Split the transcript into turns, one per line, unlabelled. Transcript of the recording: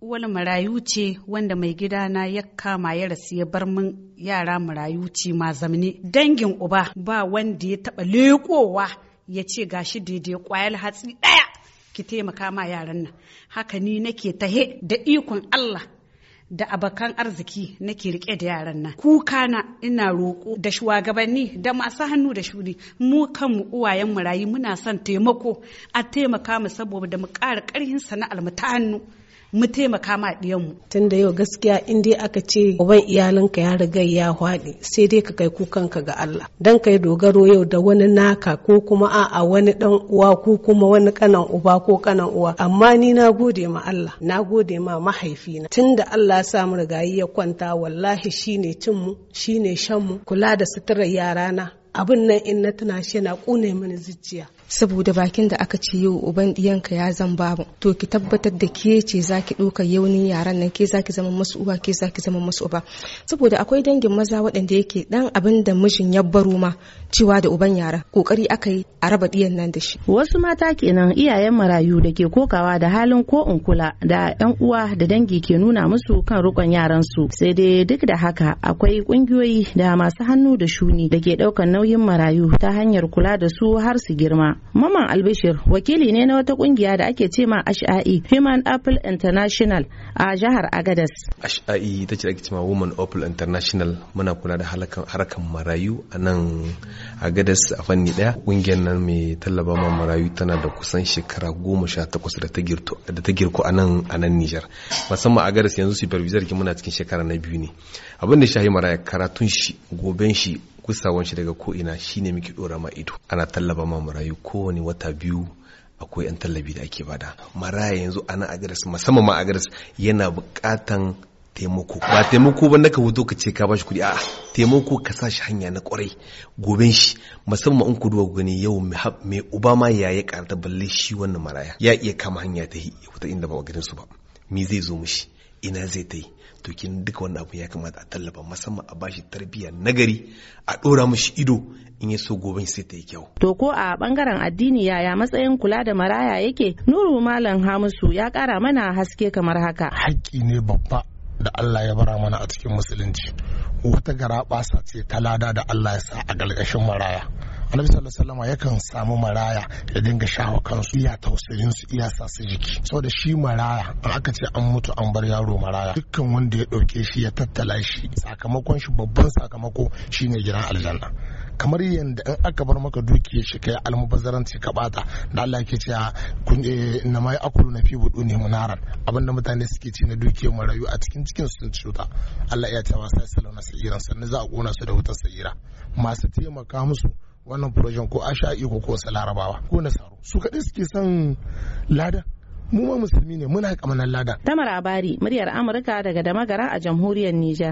wani marayu ce wanda mai gidana ya kama ya rasu ya bar min yara marayu ce ma zamani. dangin uba ba wanda ya taba lekowa ya ce gashi daidai kwayar hatsi daya ki taimaka ma yaran nan haka ni nake tahe da ikon Allah da abokan arziki nake rike da yaran nan kuka na ina roƙo da shugabanni da masu hannu da shuni mu mu uwayen marayu muna son taimako a taimaka mu saboda mu ƙara ƙarhin sana'ar mu ta hannu mu taimaka
ma diyanmu tun da yau gaskiya in dai aka ce uban iyalinka ya riga ya hwaɗe sai dai ka kai kukanka ga Allah dan kai dogaro yau da wani naka ko kuma a'a wani dan uwa ko kuma wani kanan uba ko kanan uwa amma ni na gode ma Allah na gode ma mahaifina tun da Allah ya sa mu rigayi ya kwanta wallahi shine cin mu shine shan mu kula da suturar yarana abin nan in na tuna shi na kone mini zuciya saboda bakin da aka ce yau uban ɗiyanka ya zan babu to ki tabbatar da ke ce za ki ɗaukar yaunin yaran nan ke za ki zama masu uwa ke za ki zama masu uba saboda akwai dangin maza waɗanda yake ɗan abin da mijin ya baro ma cewa da uban yara ƙoƙari aka yi a raba ɗiyan nan da shi
wasu mata kenan iyayen marayu da ke kokawa da halin ko in kula da yan uwa da dangi ke nuna musu kan rukon yaran su sai dai duk da haka akwai ƙungiyoyi da masu hannu da shuni da ke ɗaukan nan. nauyin marayu ta hanyar kula da su har su girma. Maman Albishir wakili ne na wata kungiya da ake cema HIE Human Apple International a jihar agadas.
HIE ita ce ake cema Women Apple International muna kula da harkan marayu a nan agadas a fanni daya. Kungiyar nan mai tallaba ma marayu tana da kusan shekara goma sha takwas da ta girko a nan a nan Nijar. Musamman Agadas yanzu supervisor ki muna cikin shekara na biyu ne. Abin da shahi maraya karatun shi goben shi kusawan shi daga ko'ina shine muke dora ma ido ana tallaba ma marayu kowane wata biyu akwai 'yan tallabi da ake bada maraya yanzu ana agaris musamman ma agaris yana bukatan taimako ba taimako ba naka hoto ka ce ka bashi kuɗi a'a taimako ka sa shi hanya na kwarai goben shi musamman in kuduwa gani yau mai ma ya yi karata balle shi wannan maraya ya iya kama hanya ta yi, wata inda ba wa su ba me zai zo mishi ina zai ta yi to kin duka wani abu ya kamata a tallafa musamman a bashi tarbiyya nagari a dora mashi ido in ya so gobe sai ta yi kyau
to ko a bangaren addini yaya matsayin kula da maraya yake nuru malam hamisu ya kara mana haske kamar haka haƙƙi
ne babba da Allah ya bara mana a cikin musulunci wata sa ce ta lada da Allah ya sa a galgashin maraya annabi sallallahu yakan samu maraya ya dinga shawa kansu iya tausirin su iya sa su jiki saboda shi maraya an aka ce an mutu an bar yaro maraya dukkan wanda ya dauke shi ya tattala shi sakamakon shi babban sakamako shine gidan aljanna kamar yadda in aka bar maka dukiyar shi kai almubazzaranci ka bata da Allah yake cewa kun eh, na mai akulu na fi budu ne munaran abinda mutane suke ci na dukiyar marayu a cikin cikin su sun cuta Allah ya ce sai salona sa'iran sannan za a kona su da wutar sa'ira masu taimaka musu wannan furojen ko asha'i ko ko larabawa ko nasaru su kaɗai suke son lada mu ma musulmi ne muna kamanan lada
tamar abari muryar amurka daga damagara a jamhuriyar niger